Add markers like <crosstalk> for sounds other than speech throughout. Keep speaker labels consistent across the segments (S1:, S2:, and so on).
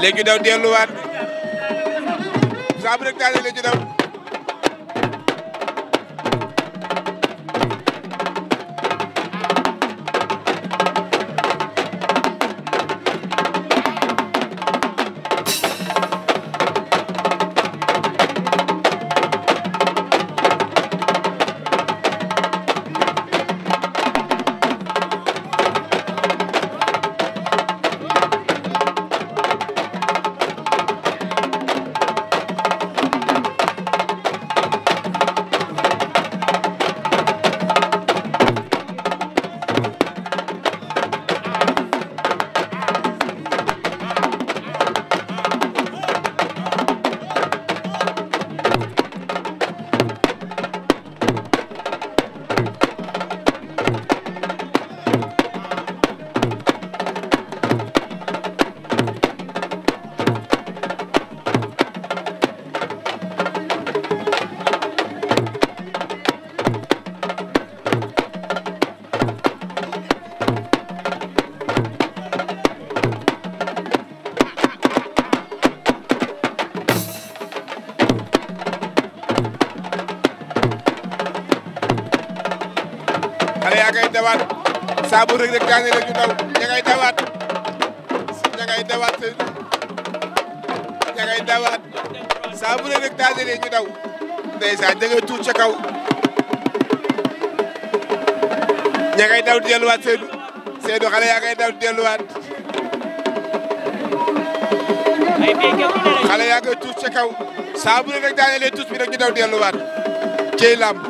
S1: léegi daw delluwaat saabu rek daal léegi daw saa bu rëg rek daane la ñu daw ña ngay dawaat ña ngay dawaat Seydou ña ngay dawaat saa bu rëg rek daane la ñu daw ndeysaan ña ngay tuut ca kaw ña ngay daw delluwaat Seydou Seydou xale yaa ngay daw delluwaat xale yaa ngay tuut ca kaw saa bu rëg rek daane la tuut bi rek ñu daw delluwaat cey làmb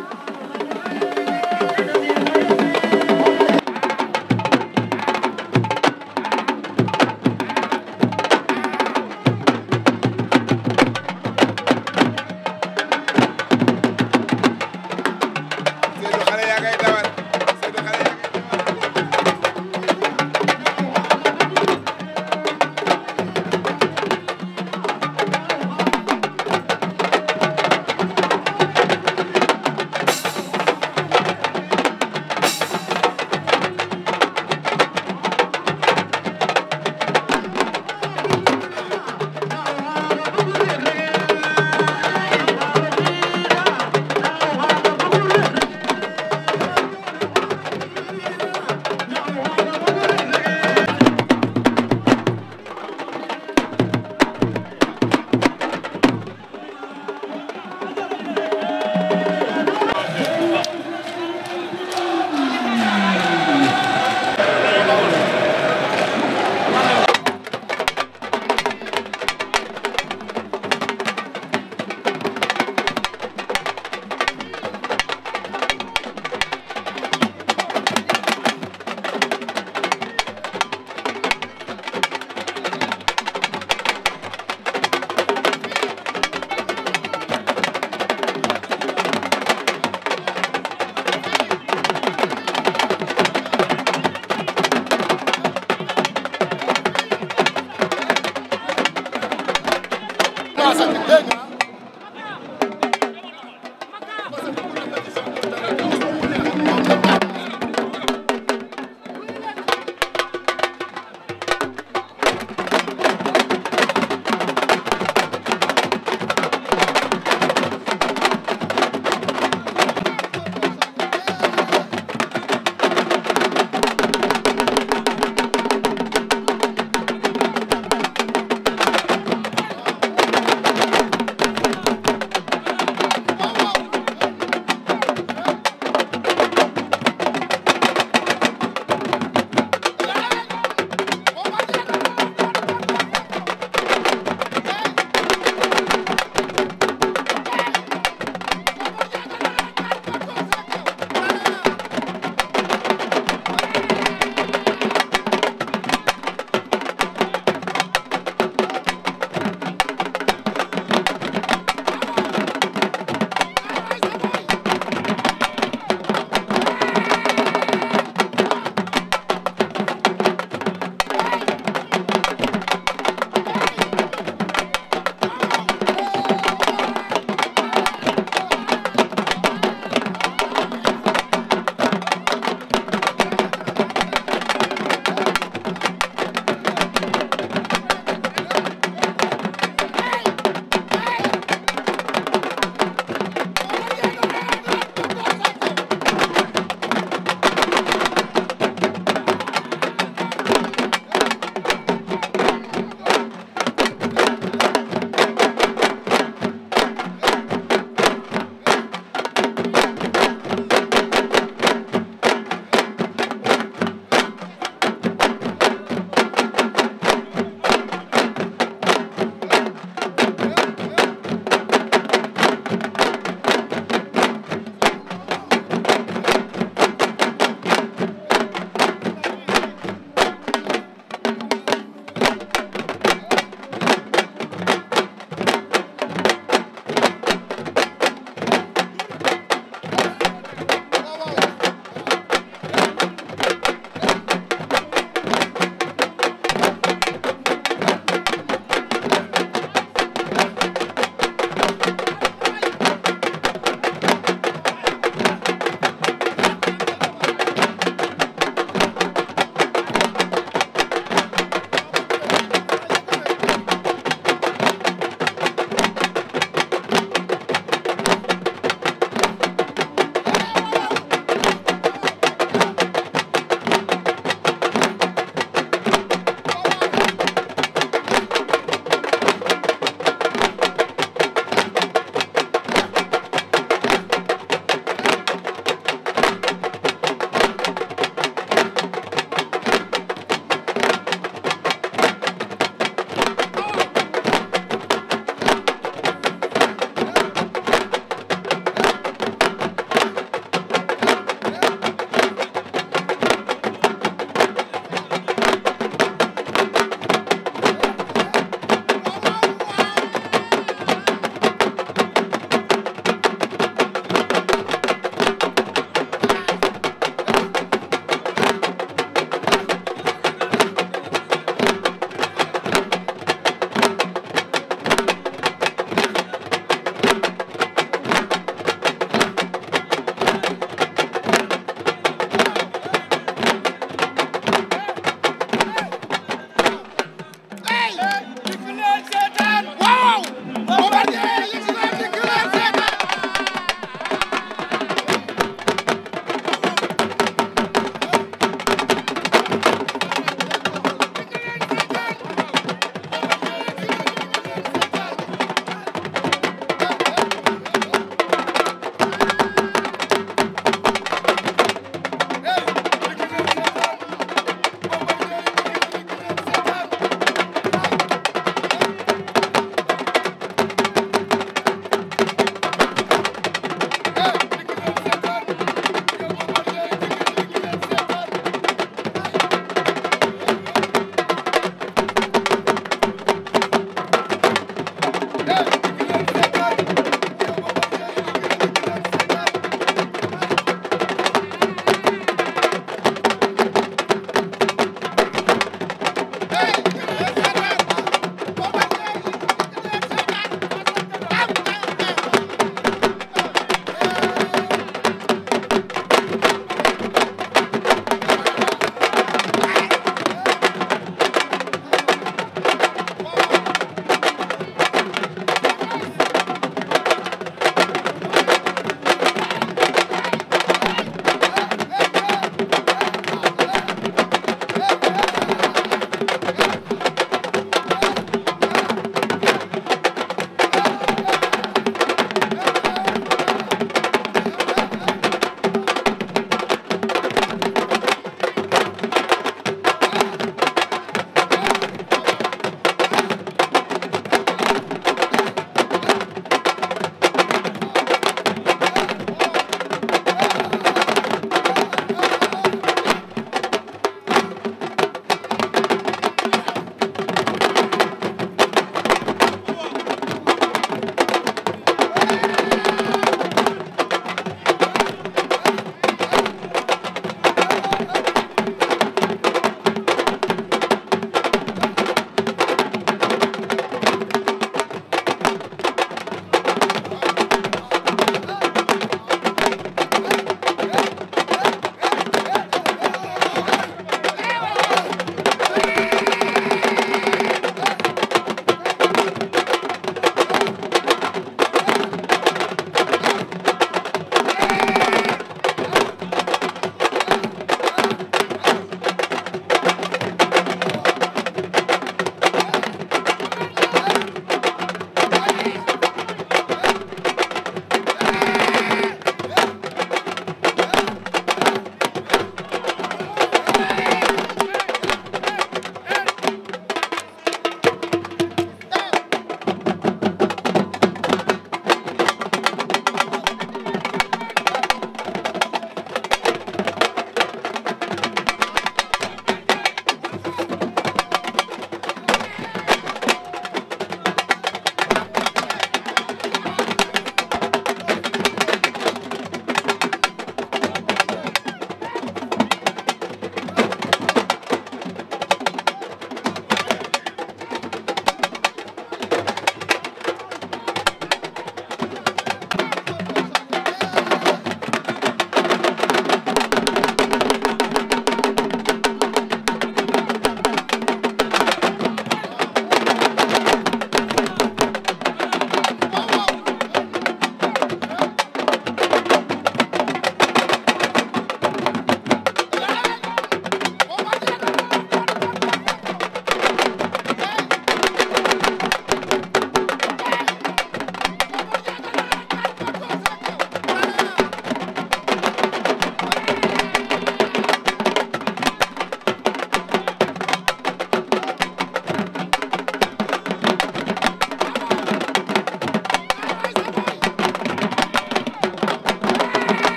S1: dégg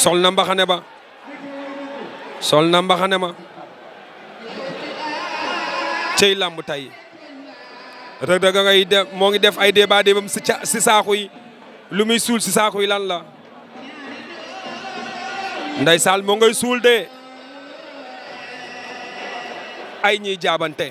S1: sol na mbaxane ba sol na mbaxane ma cey làmb tey Reug Reug ngay def moo ngi def ay débat débam si ca si saaku yi lu muy suul si saaku yi lan la nday saal moo ngay suul de ay ñiy jaabante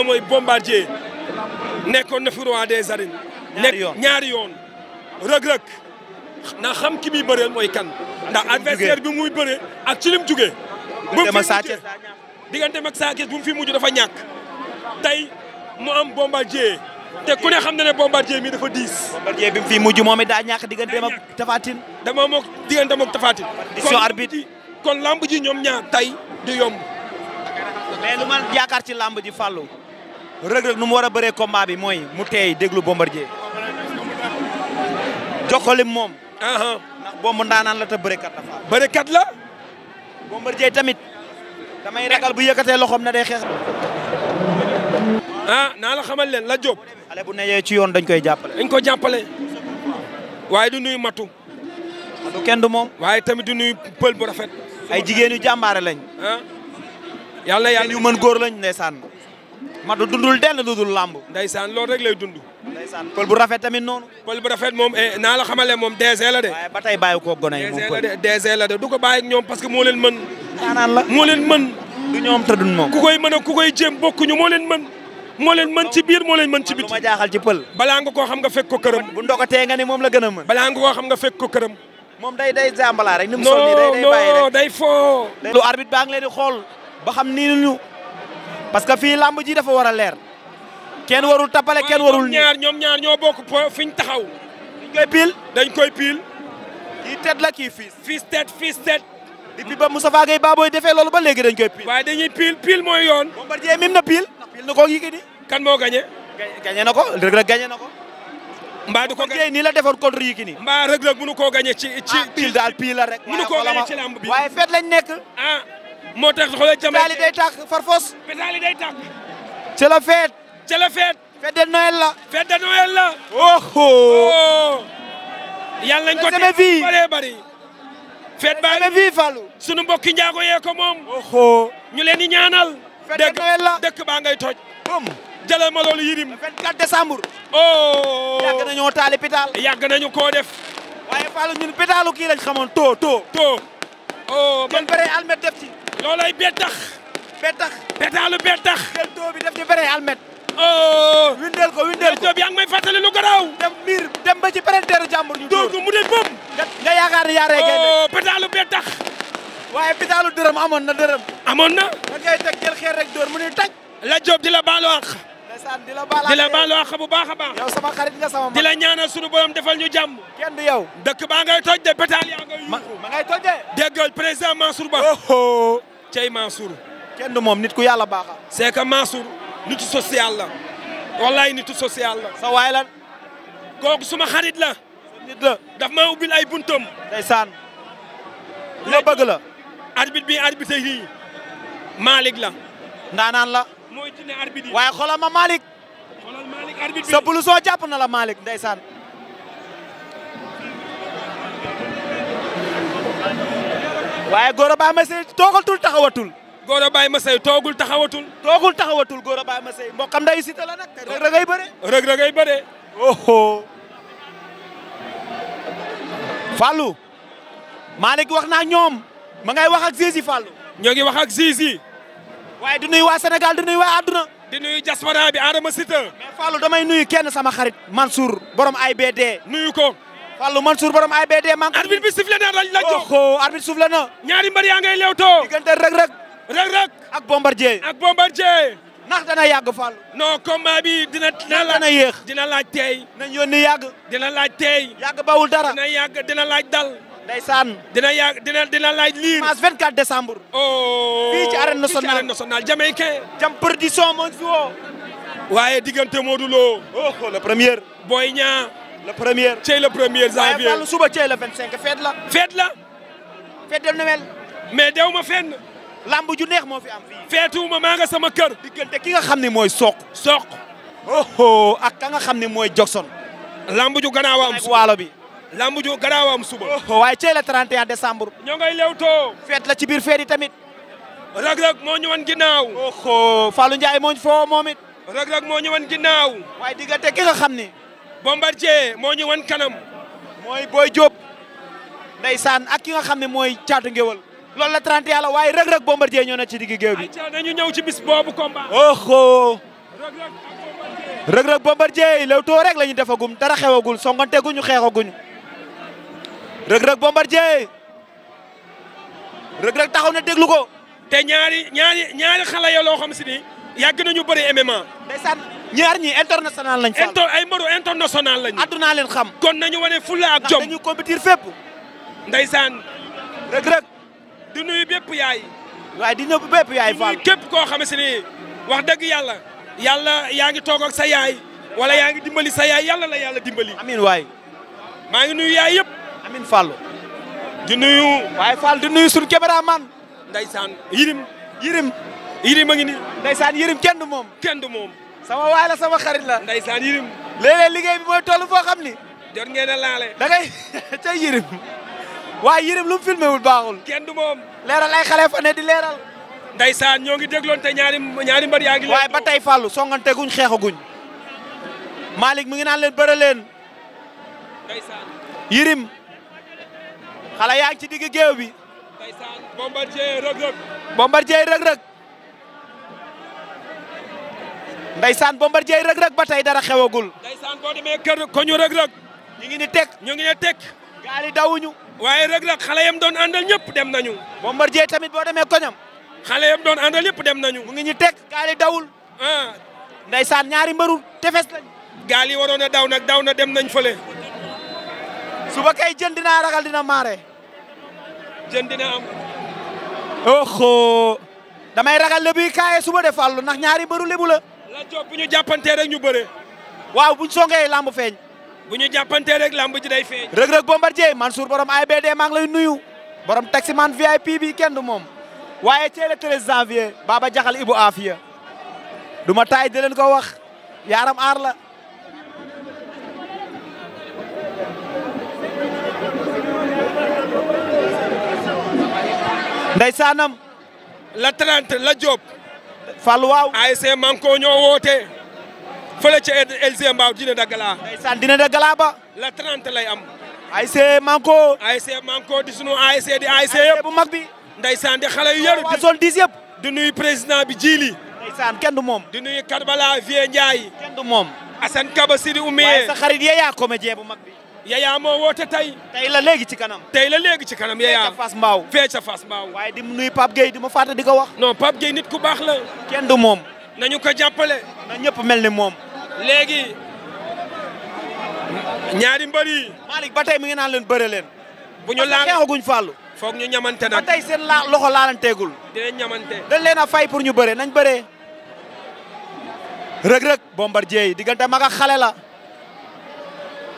S1: ne mooy bombardier nekkoon na fi roi des arènes. ñaari yoon ñaari yoon. rëg-rëg na xam ki muy bëreel mooy kan. ndax adversaire bi muy bëre ak ci lim juge bu mu fi mujjee diggante mag saa kees bu mu fi mujj dafa ñàkk. tey mu am bombardier te ku ne xam na ne bombardier mi dafa diis. bombardier bi mu fi mujj moom it daa ñàkk digganteem ak Tafatine. dama moog digganteem ak Tafatine. kon arbitre kon lamb ji ñoom ñaar tey du yomb. mais lu ci lamb ji fàllu. Reug Reug nu mu war a bëree combat bi mooy mu teey déglu Bombardier jox ko lim moom. Uh-huh. ndax bomb ndaanaan la te bërekat la faa. bërekat la. Bombardier tamit. damay ragal bu yëkkatee loxoom na day xeex. ah la xamal leen la Diop. xale bu ne ci yoon dañ koy jàppale. dañ ko jàppale. waaye du nuyu matu. du kenn du moom. waaye tamit du nuyu pël bu rafet. ay jigéen yu jàmbaare lañ. ah yàlla yàlla yu mën góor ne ndeysaan. ma du dundul denn dundul làmb ndeysaan loolu rek lay pël bu rafet tamit noonu pël bu rafet moom eh, naa la xamale moom DG la de waaye ba tey bàyyi yi moom pël DG la de du ko bàyyi ak ñoom parce que moo leen mën daanaan la moo leen mën du ñoom te duñ moom ku koy mën a ku koy moo leen mën moo leen mën ci biir moo leen mën ci biti ma jaaxal ci pël balaa nga koo xam nga fekk ko këram bu ndokatee nga ne moom a mën balaa nga moom day day jàmbalaa rek ni lu arbitre baa ngi leen di ba xam nii ñu parce que fii làmb ji dafa war a leer kenn warul tapale kenn warul nii ñaar ñoom ñaar ñoo bokk po fi ñu taxaw. dañ koy piil dañ koy piil. kii tet la kii fiis. fiis tet fiis ba Moustapha Gueye ba booy defee loolu ba léegi dañ koy piil. waaye dañuy piil piil mooy yoon. Bombardier mim na piil. piil na ko Yékini. kan moo gagné. gagné na ko Reug Reug gagné na ko. mbaa du ko gagné nii la defoon contre Yékini. mbaa Reug Reug mënu koo gagné ci ci. Ah, piil daal piil la rek. waaye fête lañ nekk. Ah. moo tax xoolee Jamaïque pétale yi day tàkk farfos. pétale yi day la fête. la fête. fête de Noël la. fête de Noël la. oh oh. oh. yàlla ko tey bu bëree bëri. fête baa ngi sunu mbokki njaago yee ko moom. Oh, oh. ñu leen di ñaanal. fête de Noël la dëkk baa ngay toj. bum jëlal ma loolu yirim. 24 décembre. oh. yàgg nañoo taal pétale. nañu ko def. waaye Fallou ñun pétalu kii lañ xamoon too too. too. oh almet def loolay bettax. bettax betaalu bettax. jël doo bi def ñu béré almet. oh. windeel ko windeel ko bi yaa fàttali lu garaaw. dem miir dem ba ci parenteeru jàmbur ñu. doo mu ne bëm. nga yaakaar ne yaa rey gaynde. oh betaalu bettax. waaye dërëm amoon na dërëm. amoon na. da ngay teg jël rek dóor mu ne taj. la Diop di la baalu àq. ndeysaan di la baalu àq la bu baax a baax. yow sama xarit nga sama mag. di la ñaanal sunu borom defal ñu jàmm. kenn du yow. dëkk baa ngay toj de pétale yaa ngay yuuxu. ma ngay toj de. déggal président Mansour Ba. Oh, oh. cey Mansour. kenn du moom nit ku yàlla baaxa c'est que Mansour nitu social la. wallaay nitu social la. sa waay lan. kooku suma xarit la. nit la daf maa ubbil ay buntam. ndeysaan. la bëgg la. arbitre bi arbitre yi la. ndaanaan la. mooy dina arbitre yi waaye xoolal ma Malick. xoolal soo jàpp na la Malick ndeysaan. waaye Gora Baye Masseye toogatul taxawatul. Gora Baye Masseye toogul taxawatul. toogul taxawatul Gora Baye Masseye mbokkam day Siteu la nag. rëg rëgay bëre. rëg rëgay bëre. oho. Fallou. Malick wax naa ñoom. ma ngay wax ak Zizi Fallou. ñoo ngi wax ak Zizi. waaye di nuyu waa senegal di nuyu waa àdduna. di nuyu diaspora bi Adama Siteu. mais Fallou damay nuyu kenn sama xarit suur borom AIBD. nuyu ko. Fallou Mansour borom ABD man. arbitre bi sifflé na lañ la jox oh arbitre sifflé na. ñaari mbër yaa ngay lewtoo. diggante Reug Reug. Reug Reug ak Bombardier. ak Bombardier. ndax dana yàgg Fallou. non combat bi dina dina laaj dina dina laaj tey. nañ yónni yàgg. dina laaj tey. yàgg bawul dara. dina yàgg dina laaj dal. ndeysaan. dina yàgg dina dina laaj lii. dimanche 24 décembre. oh fii ci arène nationale fii ci arène nationale Jamaïcain. jam production moo ñu fi waaye diggante Modou Lo. oh premier. Boy Niang. le premier cey le premier janvier waaye suba cey le 25 feet la. feet la. feet dem na mel. mais dew ma fenn. lamb ju neex moo fi am fii. feetuwuma maa nga sama kër. diggante ki nga xam ne mooy Sokh. Sokh. oh ak ka nga xam ne mooy Jackson. lamb ju gannaaw am suba bi. lamb ju gannaaw am suba. waaye cey le 31 décembre. ñoo ngay lewtoo. feet la ci biir feet yi tamit. Reug Reug moo ñëwoon ginnaaw. oh Fallou Ndiaye moo ñu foo moom it. Reug Reug moo ñëwoon ginnaaw. waaye diggante ki nga xam ne. Bombardier moo ñu wan kanam. mooy Boy Diop. ndeysaan ak ki nga xam ne mooy caatu ngewal lool la 30 yàlla waaye Reug Reug Bombardier ñoo ne ci digg géew bi. ayca nañu ñëw ci bis boobu combat. oho. Reug Reug Bombardier Leewtoo rek la ñu defagum dara xewagul songanteeguñu xeexaguñu. Reug Reug Bombardier. Reug Reug taxaw na déglu ko. te ñaari ñaari ñaari xale yoo loo xam si ni yàgg nañu bëri MMA. ñaar ñi international lañ. fa ay mbëru international lañu. addunaa leen xam. kon nañu wane fulla ak jom ndax dañuy compétir fépp. ndeysaan. Reug Reug. nuyu bépp yaay. waay di nuyu bépp yaay Fall. képp koo xam ne wax dëgg yàlla. yalla yaa ngi toog ak sa yaay. wala yaa ngi dimbali sa yaay yàlla la yàlla dimbali. amiin waay. maa ngi nuyu yaay yëpp. amiin Fall. di nuyu. waaye Fall di nuyu suñu caméraman. ndeysaan yirim yirim yirim a ngi nii. ndeysaan yirim kenn moom. kenn du moom. sama waay la sama xarit la. ndeysaan yërëm. léeg liggéey bi mooy toll foo xam ni. jot ngeen a laale. da ngay <laughs> ca yërëm waaye yërëm lu mu filmé wul baaxul. kenn du moom. leeral ay xale fa di leeral. ndeysaan ñoo ngi dégloon te ñaari ñaari mbër yaa waaye ba tey Fallou songante guñ xeexaguñ. Malick mi ngi naan leen bëre leen. ndeysaan. yaa ngi ci digg géew bi. ndeysaan Bombardier Ndeysaan Bombardier Reug Reug ba tey dara xewagul. Ndeysaan boo demee kër ko ñu ñu ngi ni tek ñu ngi ne teg. gaali dawuñu. waaye Reug Reug xale yam doon àndal ñëpp dem nañu. Bombardier tamit boo demee koñam. xale yam doon àndal ñëpp dem nañu. mu ngi ñu teg gaali dawul. ah. Ndeysaan ñaari mbëru tefes lañ. gaali waroon a daw nag daw na dem nañ fale suba kay jën dinaa ragal dina maare. jën dina am. oho. damay ragal lebu yi kaayee suba de fal ndax ñaari mbëru lebu la. la Diop bu ñu jàppantee rek ñu bëree. waaw bu ñu songee lamb feeñ. bu ñu jàppantee rek lamb ji day feeñ. Reug Reug Bombardier Mansour borom AIBD maa ngi lay nuyu. borom man VIP bi kenn du moom. waaye teel a 13 janvier Baba Jaxal Ibu Afia. du ma taay di leen ko wax yaaram aar la. ndeysaanam. la 30 la Diop. Fall waaw ASC Manko ñoo woote fële ca LG Mbao dina daggala ndeysaan dina daggala ba la 30 lay am ASC Manko ASC Manko di sunu di ASC yëpp bu mag bi ndeysaan di xale yu yaru di zone 10 yëpp di nuyu président bi jiili ndeysaan kenn du moom di nuyu Karbala Vie kenn du moom Assane Kaba Sidi Oumiye waaye sa yaa comédien bu mag bi Yaya moo woote tey. tey la léegi ci kanam. tey la léegi ci kanam Yaya. fee ca fee ca Fass Mbao. waaye di nuyu Pape Gueye di ma fàtte di ko wax. non Pape Gueye nit ku baax la. kenn du moom. nañu ko jàppale. na ñëpp mel ni moom. léegi ñaari mbër yi. ba tey mi ngi naan leen bëre leen. bu ñu laal xeexaguñ fàllu. foog ñamante nag tey seen la loxo laalanteegul. dinañ ñamante. dañ leen a fay pour ñu bëre nañ bare rëg-rëg Bombardier yi diggante mag ak xale la.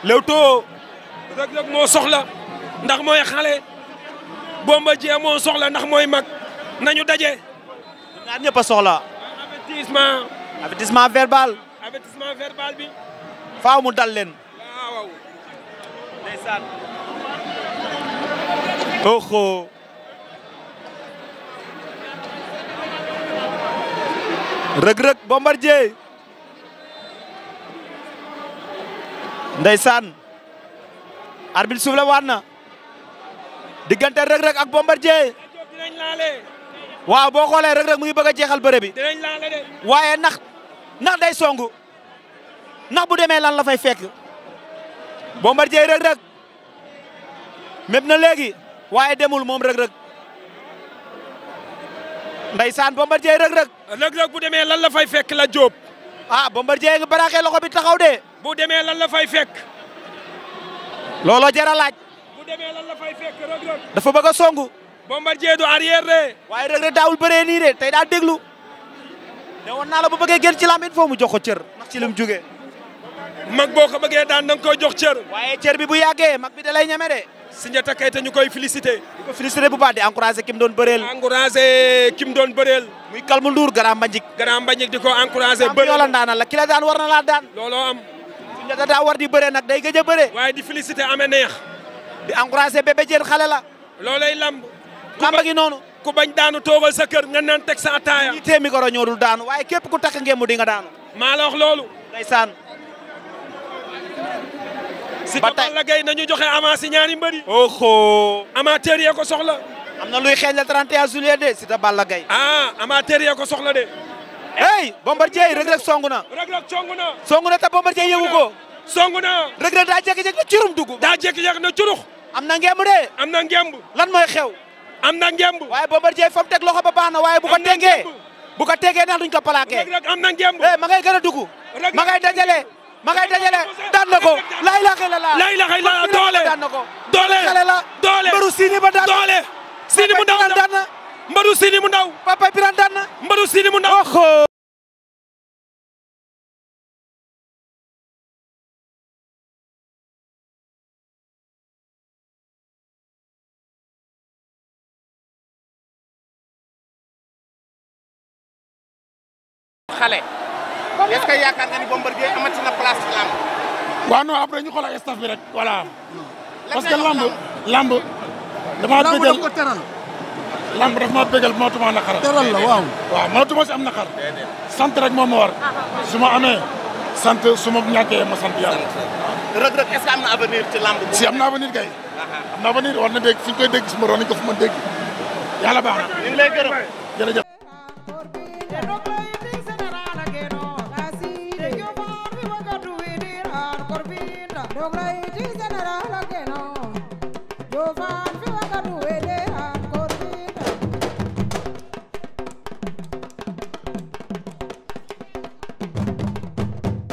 S1: Leewtoo Reug Reug moo soxla ndax mooy xale Bombardier moo soxla ndax mooy mag nañu daje. ñaar ñëpp a soxla. avertissement. avertissement verbal. avertissement verbal bi. faaw mu dal leen. Ah, waaw. ndeysaan. oho. Reug Reug Bombardier. arbitre soufflé waan na diggante Reug Reug ak bombar Bombardier waaw boo xoolee Reug Reug mu ngi bëgg a jeexal bëre bi waaye nax nax day songu nax bu demee lan la fay fekk Bombardier Reug Reug méb na léegi waaye demul moom Reug Reug ndeysaan Bombardier Reug Reug Reug Reug bu demee lan la fay fekk la Diop ah Bombardier nga baraaxee loxo bi taxaw de bu demee lan la fay fekk looloo jar a laaj. bu demee lan la fay fekk Reug Reug. dafa bëgg a songu. Bombardier du arrière de. waaye Reug Reug daawul bëree nii de tey daa déglu. ne woon naa la bu bëggee génn ci lamb foo mu jox ko cër ndax ci lim jugee. mag boo ko bëggee daan da koo koy jox cër. waaye cër bi bu yàggee mag bi da lay ñeme de. Sunjata Keita ñu koy félicité. di ko bu baax di encouragé ki mu doon bëreel. encouragé ki mu doon bëreel. muy Kalmu Ndour Grand Mbagnick. Grand Mbagnick di ko encouragé. bëreel la ndaanal la ki la daan war na laa daan. looloo la da war di bëre nag day gëj a bëre. waaye di féliciter amee neex. di encourager Bébé Diène xale la. loolay lamb. lamb gi noonu. ku bañ daanu toogal sa kër nga naan teg sa ataaya. ñi tee micro ñoo dul daanu waaye képp ku takk ngemu di nga daanu. maa la wax loolu. ndeysaan. si ba tey la gay nañu joxe avance ñaari mbëri. oho. amateur yee ko soxla. am na luy xeeñ la 31 juillet de si ta Balla Gaye. ah amateur yee ko soxla de. hey Bombardier Reug Reug songu na. Reug Reug songu na. songu na te Bombardier yëgu ko. songu na. Reug Reug daa jékki-jékki na curum dugg. daa jékki-jékki na curux. am na ngemb am na ngemb. xew. am na waaye Bombardier fa mu teg loxo ba baax na waaye bu ko tegee. bu ko tegee neex duñ ko plaqué. Reug Reug am na ngemb. hey eh, ma ngay gën a dugg. ma ngay dajale. lay la xëy la laa lay la xëy la laa doole daan na ko. doole xale la mu ndaw daan na mbaru siini mu Aliou Sidi mu ndaw oxo xale est-ce que yaakaar nga ni Bombardier amati na place ci lamb waaw non après ñu xoolal staff bi rek voilà parce que lamb lamb dama bëggal ko teral lamb daf ma bégal mënatuma naqar. teral na waaw. waaw mënatuma si am naqar. sant rek moo ma war. su ma amee sant su ma ñàkkee ma sant yàlla. Reug Reug est-ce que am na avenir ci lamb si am na avenir kay. am na avenir war na dégg fi koy dégg su ma doon ko fu ma dégg yàlla baax na. ñu